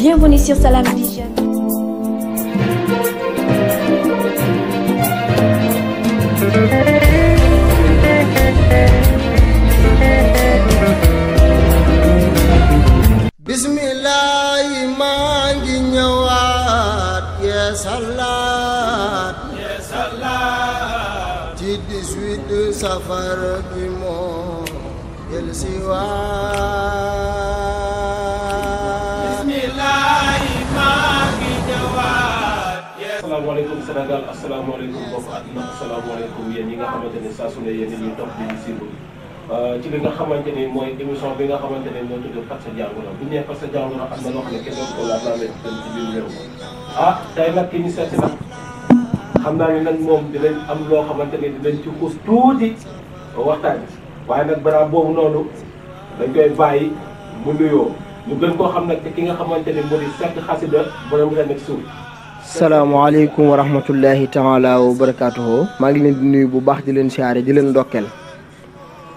Bienvenue maa ngi ñëwaat yeesalaat yeesalaat ci 18 safar bi moo dellusiwaat Sénégal asalaamaaleykum mbokk àdduna asalaamaaleykum yéen yi nga xamante ne saa su ne yéen ñuy topp di ñu euh, ci li nga xamante ni mooy émission bi nga xamante na loo xam ne kenn doon ko laaj ah, tey nag ki ñu seet xam naa ne nag moom dinañ am loo xamante ne dinañ ci xuus tuuti waxtaan waaye nag balaa boobu noonu dañ koy bàyyi mu nuyoo ñu gën koo xam nag ki nga xamante ne moo di Seck Xasida borom ren ak suuf. salaamaaleykum wa rahmatullahi taala wa barakaatuhu maa ngi leen di nuyu bu baax di leen siyaare di leen ndokkeel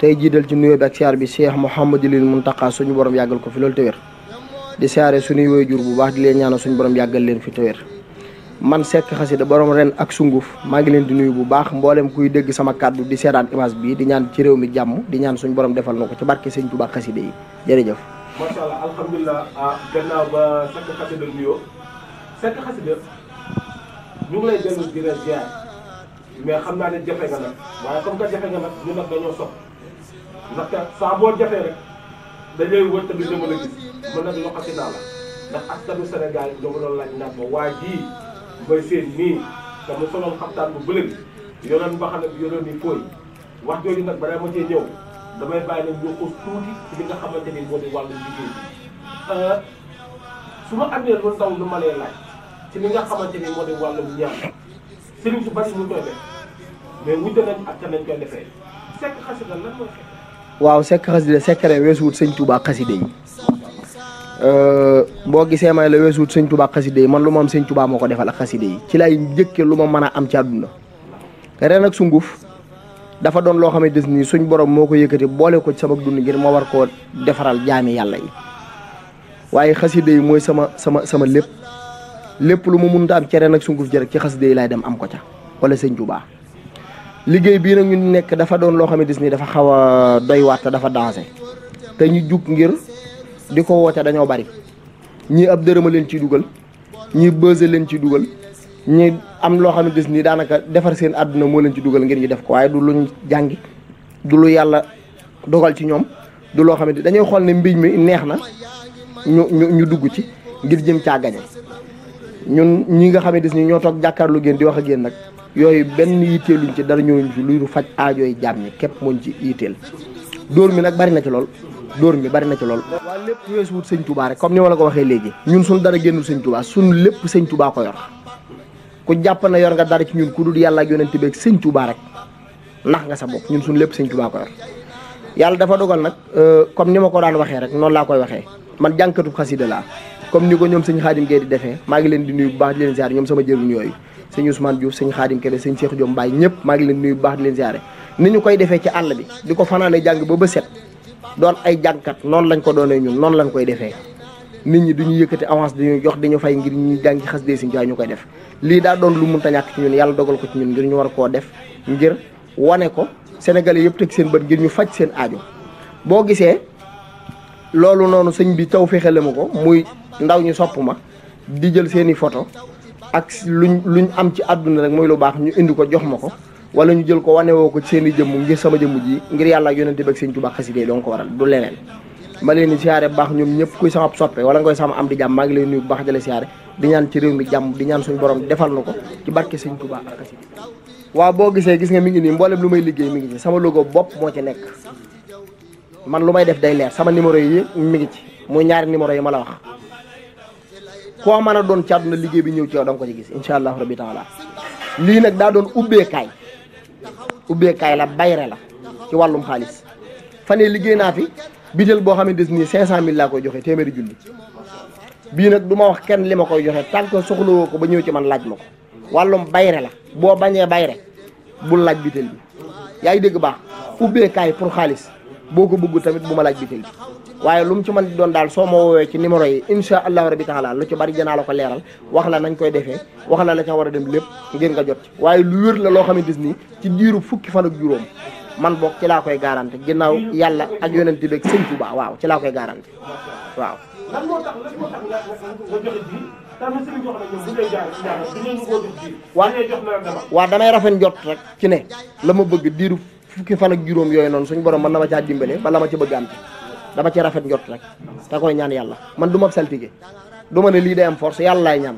tey jiital ci nuyoo bi ak siyaar bi leen Mouhamadulil Mountakha suñu borom yàggal ko fi loolu te wér di siyaare suñuy waajur bu baax di leen ñaanal suñu borom yàggal leen fi te weer man Seck Xasida borom ren ak sunguf maa ngi leen di nuyu bu baax mboolem kuy dégg sama kàddu di seetaan image bi di ñaan ci réew mi jàmm di ñaan suñu borom defal na ko ci barke Sëñ Tuubaa xasida yi jërëjëf. macha allah ñu ngi lay dellu di la ziar mais xam naa ne jafe nga nag waaye comme que jafe nga nag ñu nag dañoo sopp ndaxte saa boo jafee rek dañuy wër tamit dama la gis mën nag loxati naa la ndax askanu Sénégal yi dama doon laaj naan ma waa jii mooy seen nii te mu soloon xabtaan bu bële bi yoroon ba xam ne bi yoroon ni fooy wax jooju nag balaa ma cee ñëw damay bàyyi nag ñu xuus tuuti ci li nga xamante ni moo di wàllu liggéey bi euh, su ma amee lu ndaw lu ma lay laaj ci sekk xasida lan mooy waaw sekk xasida sekkare weesuwut sëñ Touba xasida yi euh, boo gisee may la weesuwut sëñ Touba xasida yi man lu ma am sëñ Touba moo ko defal ak xasida yi ci lay njëkkee lu ma mën am ci àdduna ren ak sunguf dafa doon loo xamante nii suñ borom moo ko yëkkati boole ko ci sama dund ngir ma war koo defaral jaami yàlla yi waaye xasida yi mooy sama sama sama lépp lépp lu ma munta am cere nag sunguf jërek ci xasida day laay dem am ko ca wala sëñ Tuubaa liggéey bii nag ñu nekk dafa doon loo xam ni dafa xaw a dafa dansé te ñu jug ngir di ko woote dañoo bari ñii ab dërëma leen ciy dugal ñii bëse leen ciy dugal ñi am loo xam ne dis ni daanaka defar seen àdduna moo leen ci dugal ngir ñu def ko waaye du lu ñu jàngi du lu yàlla dogal ci ñoom du loo xam ne dañuy xool ne mbiñ mi neex na ñu ñu dugg ci ngir jëm caa gañe ñun ñi nga xamante ni ñoo toog jàkkaarloo ngeen di wax a yéen nag yooyu benn yitteeluñ ci dara ñëwuñ ci luy faj aajooy jaam ñi képp mooñ ci yitteel dóor mi nag bari na ci lool dóor mi bari na ci lool waa lépp weesuwut sëñ tubaa rek comme ni ma ko waxee léegi ñun suñ dara génnul sëñ tubaa lépp sëñ tubaa ko yor ku jàpp na yor nga dara ci ñun ku dul yàlla ak yonent beeg sëñ tubaa rek nax nga sa bopp ñun suñ lépp sëñ tubaa ko yor yàlla dafa dogal nag euh, comme ni ma ko daan waxee rek noonu laa koy waxee man jànkatub xasida laa comme ni ko ñoom sëñ Xaadim Gueye di defee maa leen di nuyu bu baax di leen ziare ñoom sama jëriñ yooyu sëñ Ousmane Diouf sëñ Xaadim Kébé sëñ Cheikh Diom Baye ñëpp maa leen di nuyu bu baax di leen ziare ni ñu koy defee ci àll bi di ko fanaane jàng ba ba set doon ay jàngkat noonu lañ ko doonee ñun noonu lañ koy defee nit ñi duñu yëkkati avance dañuy jox dañu fay ngir ñu jàngi xas dee si ñu koy def lii daa doon lu mënta ñàkk ci ñun yàlla dogal ko ci ñun ngir ñu war koo def ngir wane ko sénégalais yëpp teg seen bët ngir ñu faj seen aajo boo gisee loolu noonu sëñ bi taw fexele ma ko muy ndaw ñi sopp ma di jël seeni photo ak lu ñu am ci àdduna rek mooy lu baax ñu indi ko jox ma ko wala ñu jël ko wane woo ko ci seen i jëmm ngir sama jëmm ji ngir yàlla ak yonente ak sëñ Tuubaa xasida doon ko waral du leneen ma leen di siyaare bu baax ñoom kuy sama soppe wala nga koy sama am di jàmm ngi leen bu baax di la ñaan ci réew mi jàmm di ñaan suñu borom defal na ko ci barke sëñ Tuubaa ak xasida waaw boo gisee gis nga mi ngi nii mboolem lu may liggéey mi ngi nii sama logo bopp moo ci nekk man lu may def day leer sama numéro yi mi ngi ci muy ñaari numéro yi ma la wax koo mën a doon ci na liggéey bi ñëw ci yow da ko ci gis incha allahu rabi taala lii nag daa doon ubbeekaay ubbeekaay la bayre la wàllum xaalis fan yii liggéey naa fi bitel boo xamante ni 500000 laa koy joxe téeméeri junni bii nag du ma wax kenn li ma koy joxe tant que soxlawoo ko ba ñëw ci man laaj ma ko wàllum bayre la boo bañee bayre bul laaj bitel bi yaa ngi dégg baax ubbeekaay pour xaalis. boo ko bëgg tamit bu ma laaj bitig waaye lu mu ci man di doon daal soo ma woowee ci numéro yi insha allahu rabi taala lu ci bari dinaa la ko leeral wax la nañ koy defee wax la la ca war a dem lépp ngir nga jot ci waaye lu wér la loo xamante ni ci diiru fukki fanak ak juróom man boo ci laa koy garante ginnaaw yàlla ak yonent bi ak sëñ waaw ci laa koy garanti waaw lan moo tax lan rafet jot rek ci ne la ma bëgg diiru fukki fan ak juróom yooyu noonu suñu borom man la ma caa dimbale ba la ma ci dama ci rafet njort rek te koy ñaan yàlla man du ma saltige du ma ne lii day am force yàlla laay ñaan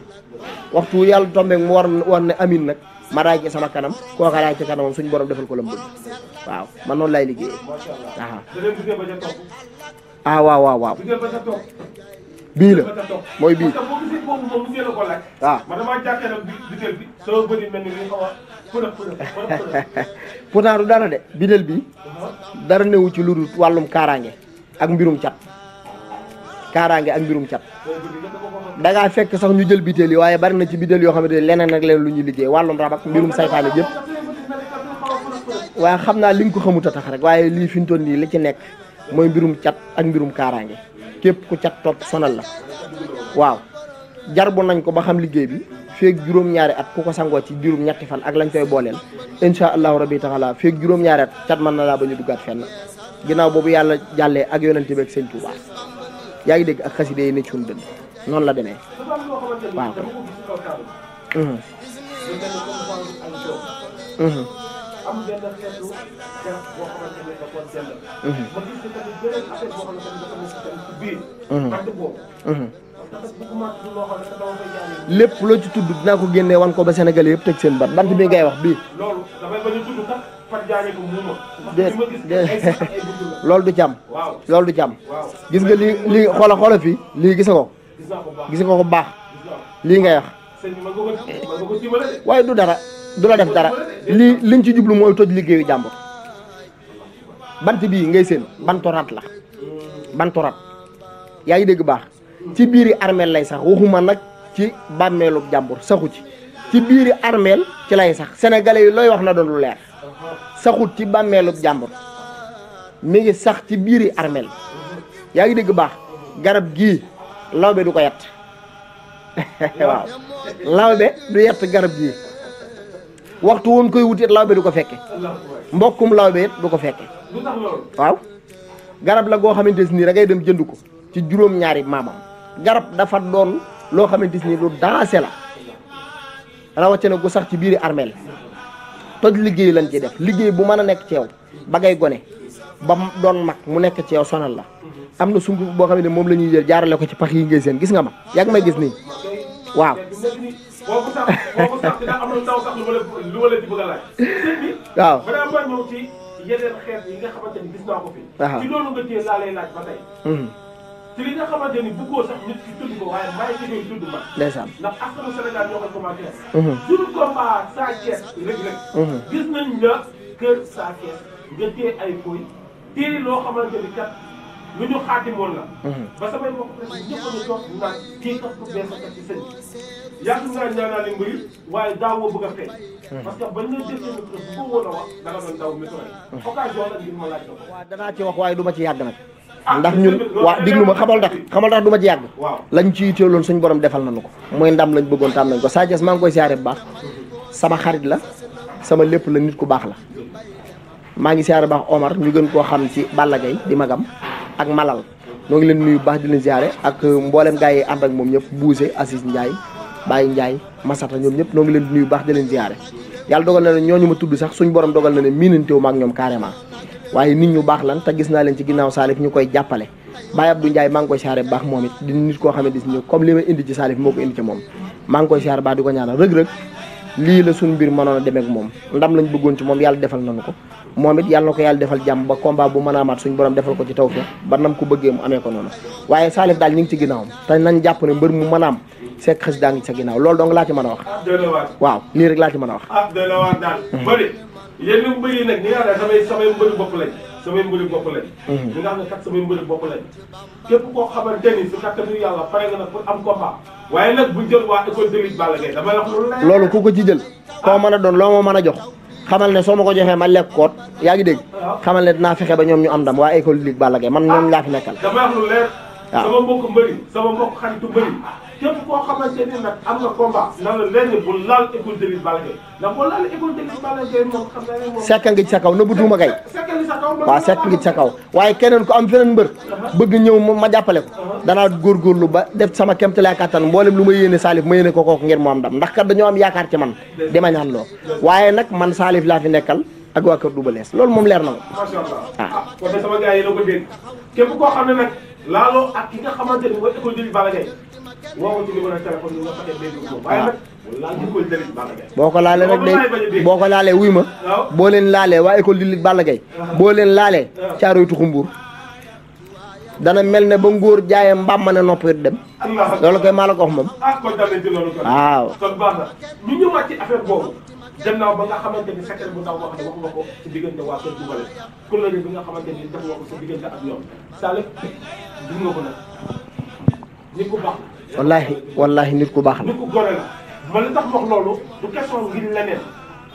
waxtu yàlla tombeeg mu war war ne amin nag ma raay ci sama kanam kooka raay ci kanamam suñu borom defal ko lam bëgg waaw man noonu lay liggéeyee waaw ah waaw waaw waaw bii la mooy bii. Ah. waaw. du dara de bidel bi uh-huh. dara newu ci lu dul wàllum kaaraange ak mbirum cat kaaraange ak mbirum cat da fekk sax ñu jël bidel yi waaye bari na ci bidel yoo xam ne leneen ak lu ñuy liggéey wàllum rab ak mbirum saytaane yëpp waaye xam naa li ko xamut a tax rek waaye lii fi nii li ci nekk mooy mbirum cat ak mbirum kaaraange. képp ku cat topp sonal la waaw jarbu nañ ko ba xam liggéey bi feeg juróom-ñaari at ku ko sangoo ci juróom ñetti fan ak lañ koy booleel incha allahu rabi taala feeg juróom-ñaari at cat mën na laa ba ñu duggaat fenn ginnaaw boobu yàlla jàllee ak yonente bi ak sëñ Tuuba yaa ngi dégg ak xaside yi ne ci suñu dënd noonu la demee waaw. am benn mhm. mhm. mhm. loo lépp loo ci tudd dinaa ko génne wan ko ba Sénégalais yëpp teg seen bat bant bi ngay wax bii. loolu damay bañ a tudd sax par jaay ko muuma. du ci loolu du gis nga lii lii xoola xoola fii lii gis nga gis nga ko lii ngay wax. waaye du dara. du la def dara lii liñ ci jublu mooy toj liggéeyu jàmbur bant bii ngay séen bantorat la bantorat yaa ngi dégg baax ci biiri armeel lay sax waxuma nag ci bàmmeelu jàmbur saxu ci ci biiri armeel ci lay sax sénégalais yi looy wax na doon lu leer saxut ci bàmmeelu jàmbur mi ngi sax ci biiri armeel yaa ngi dégg baax garab gii lawbe du ko yet waaw lawbe du yett garab gii waxtu woon koy wutit lawbe du ko fekke mbokkum lawbe it du ko fekke waaw garab la goo xamante nii da ngay dem jënd ko ci juróom ñaari maamam garab dafa doon loo xamante ni lu dansé la rawatina gu sax ci biiri armeel toj liggéey lañ ci def liggéey bu mën a nekk ceew yow ba ngay gone ba doon mag mu nekk ci yow la am na sunguf boo xam moom la ñuy jël jaarale ko ci pax yi ngay seen gis nga ma yaa may gis nii waaw boobu sax boobu sax dina am na taw sax lu ma leen lu ma a laaj. bi. waaw balaa maa ñëw ci xeet yi nga xamante ni gis naa ko fi. ci loolu nga téye laa lay laaj ba tey. Hmm. ci li nga xamante ni bëggoo sax nit ki tudd ko waaye maa ngi tudd ma. ndeysaan ndax askanu Sénégal ñoo ko commenté. Hmm. suñu combat saa kees rek rek. gis nañ la kër saa nga téye ay fooy téye loo xamante ni kat. lu ñu mhm. mhm. naa mhm. danaa ci wax waaye du ci yàgg nag. Ah, ndax ñun waa diglu ma xamal ndax xamal ndax duma ci yàgg. waaw lañ ci yitteeloon suñu borom defal nañu ko. mooy ndam lañ bëggoon tam nañ ko Sa maa ngi koy siyaare bu baax sama xarit la sama lépp la nit ku baax la maa ngi siyaare baax Omar ñu gën koo xam ci Balla Gaye di magam ak malal noo ngi leen nuyu baax di leen ziare ak mboolem gars yi ànd moom ñëpp Buuse Assis Ndiaye Baye Ndiaye Masata ñoom ñëpp noo ngi leen di nuyu baax di leen ziare yàlla dogal na ne ñooñu ma tudd sax suñ borom dogal na ne miinantewu ma ak ñoom carrément waaye nit ñu baax lan te gis naa leen ci ginnaaw Salif ñu koy jàppale Baye Abdou Ndiaye maa ngi koy siyaare bu baax moom it di nit koo xam ne dis ni comme li ma indi ci Salif moo ko indi ci moom maa koy siyaare baax di ko ñaanal rëg lii la suñ mbir mënoon a moom ndam lañ bëggoon ci moom yàlla defal nañu ko moom it yàlla na ko yàlla defal jàmm ba combat bu mën a amaat suñu defal ko ci taw feex ba nam ko bëggee mu amee ko noonu waaye Salif daal ñu ci ginnaawam te nañ jàpp ne mu mën a am Seck ngi ci sa ginnaaw laa ci waaw lii rek laa mën a wax ah doy na waar hmm. hmm. bu jël waa école de lutte Balla ko ci koo mën a doon loo moo mën a jox xamal ne soo ma ko joxee ma lekk koot yaa ngi dégg xamal ne dinaa fexe ba ñoom ñu am ndam waa école ligue Balla Gaye man ñoom laa fi nekkal. dama waaw sama mbokk mbëri sama mbokk képp koo xamante ni nag na combat na la sekk ngi sa kaw nëbbu tuuma kay. waaw sekk ngi ci sa kaw waaye keneen ku am feneen mbër. bëgg ñëw ma jàppale ko. Uh-huh. danaa góorgóorlu ba def sama kéemtalaay kattan mboolem lu ma yéene Salif ma yéene ko kooku ngir mu am ndam ndax kat dañoo am yaakaar ci man. dima ñaan loo waaye nag man Salif laa fi nekkal. ak waa kër Double Less loolu moom leer na ma. woo ko waaye boo ko laalee rek de boo ko laalee wuy ma boo leen laalee waa école di lit Balla Gaye boo leen laalee caaroy tuxumbuur dana mel ne ba ngóor jaaye mbaam ma ne noppi dem loolu koy maa ko wax ah, ci affaire boobu gannaaw ba nga xamante ni secret bu diggante waa kër Double Less kuréel bi nga xamante ni ko nag wallaahi wallaahi nit ku baax la. nit ku gore la man li tax wax loolu du question ngir leneen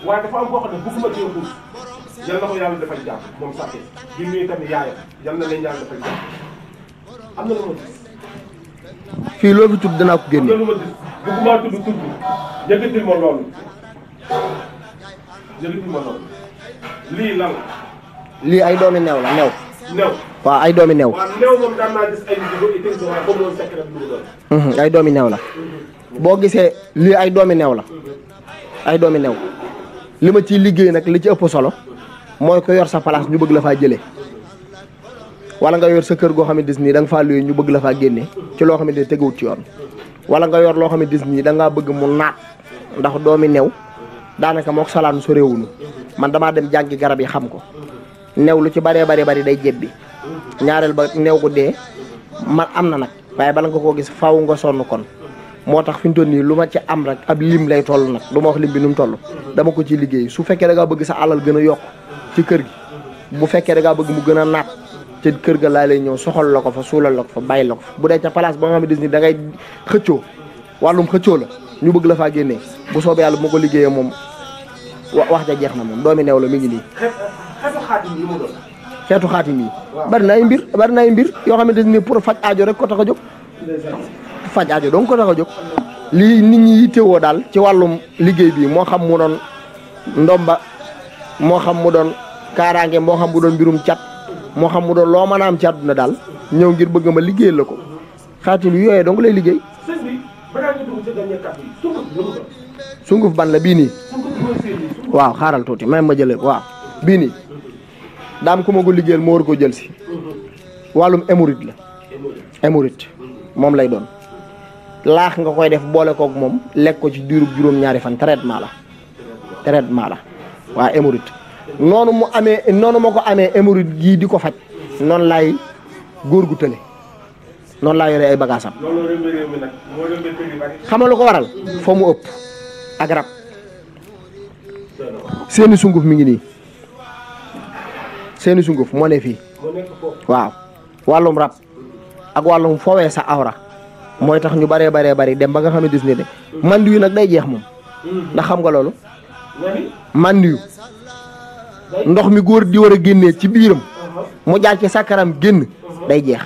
waaye dafa am boo xam ne bëgguma cee yàlla defal jàpp moom sax di nuyu tamit yaayam yal am na fii loo fi tudd danaa ko génne. am na lu ma gis bëgguma tudd tudd ma loolu yëkkatil ma loolu lii lan lii ay doomi neew la neew. new waaw ay doomi new ay mhm, ay doomi new la boo gisee lii ay doomi new la ay doomi new li ma ciy liggéey nag li ci ëpp solo mooy ko yor sa palaas ñu bëgg la faa jëlee wala nga yor sa kër goo xamante ni da nga faa luye ñu bëgg la faa génne ci loo xamante ni teguwut ci yoon wala nga yor loo xamante ni da ngaa bëgg mu naat ndax doomi new daanaka mook salaan so réewunu man damaa dem jàngi garab yi xam ko new lu ci baree bari bari day jébbi ñaareel ba new gu dee man am na nag waaye bala nga koo gis faaw nga sonn kon moo tax fi mu ton nii lu ma ci am rek ab lim lay toll nag du ma wax lim bi nu mu toll dama ko ci liggéey su fekkee rek ngaa bëgg sa alal gën a yokk ci kër gi bu fekkee rek a bëgg mu gën a naat ci kër ga laa lay ñëw soxal la ko fa suulal la fa bàyyi la fa bu dee ca place ba nga xam ne dangay ni da ngay xëccoo wàllum xëccoo la ñu bëgg la faa génnee bu soobee yàlla bu ko liggéeyee moom wax ja jeex na moom doomi la mi ngi nii xeetu xaatim yi mu bari na mbir bari na ay mbir yoo xamante ni pour faj aajo rek ko tax a jóg. faj aajo ko tax a jóg. lii nit ñi yittewoo daal ci wàllum liggéey bi moo xam mu doon ndomba moo xam mu doon kaaraange moo xam mu doon mbirum cat moo xam mu doon loo mën ci àdduna daal ñëw ngir bëgg ma liggéeyal la ko xaatim yu yooyee donc lay liggéey. sunguf ban la bii nii. waaw xaaral tuuti may ma jëlee waaw bii nii. daam ku ma ko liggéeyal moo war koo jël si wàllum émorite la émorite moom lay doon laax nga koy def boole kook moom lekk ko ci diirub juróom-ñaari fan traitement la traitement la waa émorite noonu mu amee noonu ma ko amee émorite gii di ko faj noonu laay góor gu tële noonu laa yore ay bagaasam xam nga lu ko waral fa mu ëpp ak rab seeni sunguf mi ngi nii seeni sunguf moo ne fii waaw wàllum rab ak wàllum fowee sa awra mooy tax ñu baree baree bari dem ba nga xam ne gis ne mandiyu nag day jeex moom hmm. ndax xam nga loolu mandiyu ndox mi góor di war a génnee ci biiram uh-huh. mu jaar ci sàkkaram génn uh-huh. day jeex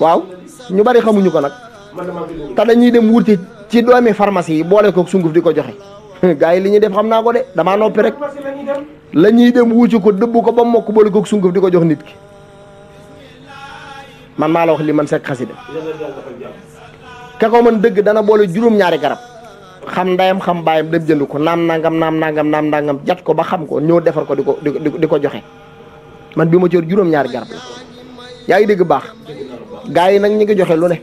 waaw ñu bari xamuñu ko nag te dañuy dem wuti ci doomi pharmacie yi boole ko sunguf di ko joxe gaa yi li ñuy def xam naa ko de damaa noppi rek la ñuy dem wuuci ko dëbb ko ba mokk boole ko sunguf di ko jox nit ki man maa la wax li man sekk xasida ke ko man dëgg dana boole juróom-ñaari garab xam ndayam xam baayam dem jënd ko naam nangam naam nangam naam nangam jat ko ba xam ko ñëw defar ko di ko di ko joxe man bi ma cër juróom-ñaari garab la yaa ngi dégg baax gaa yi nag ñu ngi joxe lu ne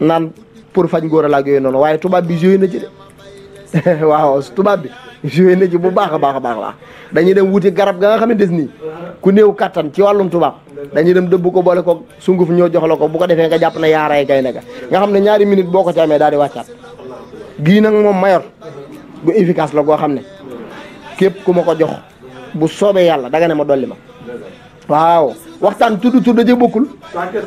naan pour faj ngóor a laag yooyu noonu waaye tubaab bi joué na waaw tubaab bi joué na ji bu baax a baax a baax la dañuy dem wuti garab ga nga xamante des nii ku néew kattan ci wàllum tubaab dañuy dem dëbb ko boole ko sunguf ñëw jox la ko bu ko defee nga jàpp na yaaray gaynde ga nga xam ne ñaari minute boo ko ci amee daal di wàccaat gii nag moom mayor bu efficace la goo xam ne képp ku ma ko jox bu soobee yàlla danga ne ma dolli ma waaw waxtaan tudd tudd ja bokkul waakar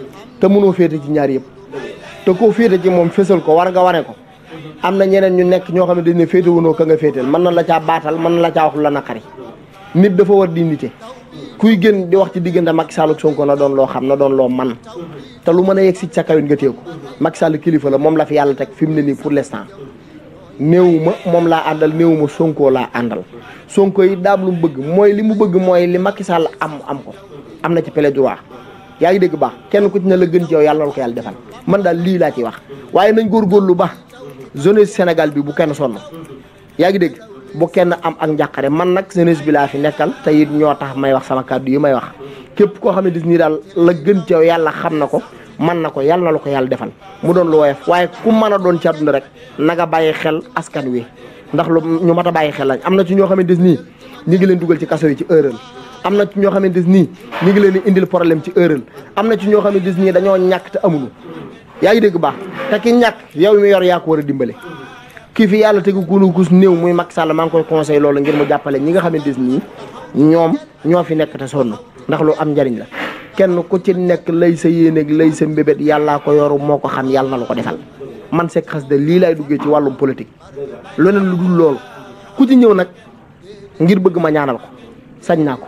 te mënoo féete ci ñaar yëpp te ko féete ci moom fésal ko war nga wane ko am na ñeneen ñu nekk ñoo xam ne dañ ne féete wunoo ka nga féeteel mën na la caa baatal man na la caa wax lu la naqari nit dafa war dignité kuy génn di wax ci diggante Macky Sall Sonko na doon loo xam na doon loo man te lu mën a yegg si sa kawit nga téeku Macky Sall kilifa la moom la fi yàlla teg fi mu ne nii pour l'instant néewuma moom laa àndal néewuma Sonko laa àndal Sonko yi daam bëgg mooy li mu bëgg mooy li Macky Sall am am ko am na ci pele droit yaa ngi dégg baax kenn ku ci la gën ci yow yàlla na ko yàlla defal man daal lii laa ciy wax waaye nañ góor góorgóorlu baax jeunesse Sénégal bi bu kenn sonn yaa ngi dégg bu kenn am ak njàqare man nag jeunesse bi laa fi nekkal te it ñoo tax may wax sama kàddu yi may wax képp koo xam ne dis nii daal la gën ci yàlla xam na ko man na ko yàlla na la ko yàlla defal mu doon lu woyof waaye ku mën a doon ci àdduna rek nag a bàyyi xel askan wi ndax lu ñu mat a bàyyi xel lañ am na ci ñoo xam ne dis nii ñu ngi dugal ci kaso yi ci erreur am na ci ñoo xamante nii ñu ngi leen di indil problème ci heure am na ci ñoo xamante nii dañoo ñàkk te amuñu yaa ngi dégg baax te ki ñàkk yow mi yor yaa ko war a dimbale kii fi yàlla tegu kunu kus néew muy Macky Sall maa ngi koy conseil loolu ngir mu jàppale ñi nga xamante nii ñoom ñoo fi nekk te sonn ndax lu am njariñ la kenn ku ci nekk lay sa yéeneeg lay sa mbébét yàllaa ko yor moo ko xam yàlla na la ko defal man Seck Xasida lii laay duggee ci wàllum politique leneen lu dul ku ci ñëw nag ngir bëgg ma ñaanal ko sañ naa ko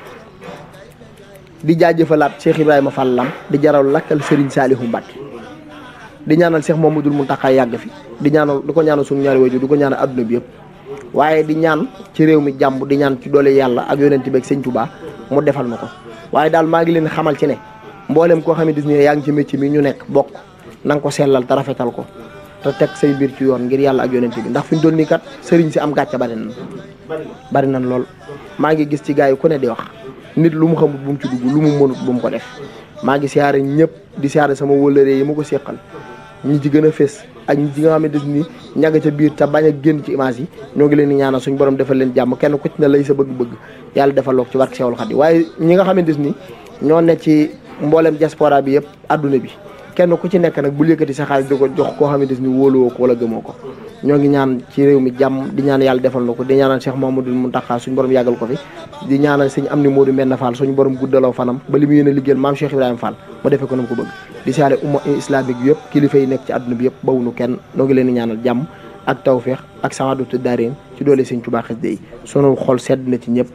di jaajëfalaat Cheikh Ibrahima Fall Lam di jaral lakkal Serigne Saliou Mbacke di ñaanal moom mu Cheikh mu Mountakha yàgg fi di ñaanal di ko ñaanal suñu ñaari wajur di ko ñaanal adduna bi yëpp waaye di ñaan ci réew mi jàmm di ñaan ci doole yàlla ak yonent bi ak Sëñ Touba mu defal na ko waaye daal maa ngi leen xamal ci ne mboolem koo xamante ni yaa ngi ci métier mi ñu nekk bokk na ko seelal ta rafetal ko te teg say biir ci yoon ngir yàlla ak yonent bi ndax fi ñu doon nii kat sëriñ si am gàcce bari bari na lool maa ngi gis ci gars yi ku ne di wax nit lu mu xamut bu mu ci dugg lu mu mënut bu ko def maa ngi siyaare ñëpp di siyaare sama wëllëree yi ma ko seqal ñi ci gën a fés ak ñi ci nga xamante ni ñàgg ca biir te bañ a génn ci image yi ñoo ngi leen di ñaanal suñu borom defal leen jàmm kenn ku ci ne lay sa bëgg-bëgg yàlla defaloog ci barke Seexul Xadiim waaye ñi nga xamante nii ñoo ne ci mboolem diaspora bi yëpp adduna bi kenn ku ci nekk nag bul yëkkati sa xaalis di ko jox koo xamante ni ko wala gëmoo ñoo ngi ñaan ci réew mi jàmm di ñaan yàlla defal na ko di ñaanal Cheikh Mamadou Mountakha suñu borom yàggal ko fi fanam ba li mu yéene maam Cheikh Ibrahima Fall mu defee ko nam ko bëgg di saale umma islamique yëpp kilifa yi nekk ci àdduna bi yëpp bawunu kenn noo ngi leen ñaanal jàmm ak tawféex ak samadatu daarin ci doole sëñ Tuubaa xasida yi sunu xol sedd na ci ñëpp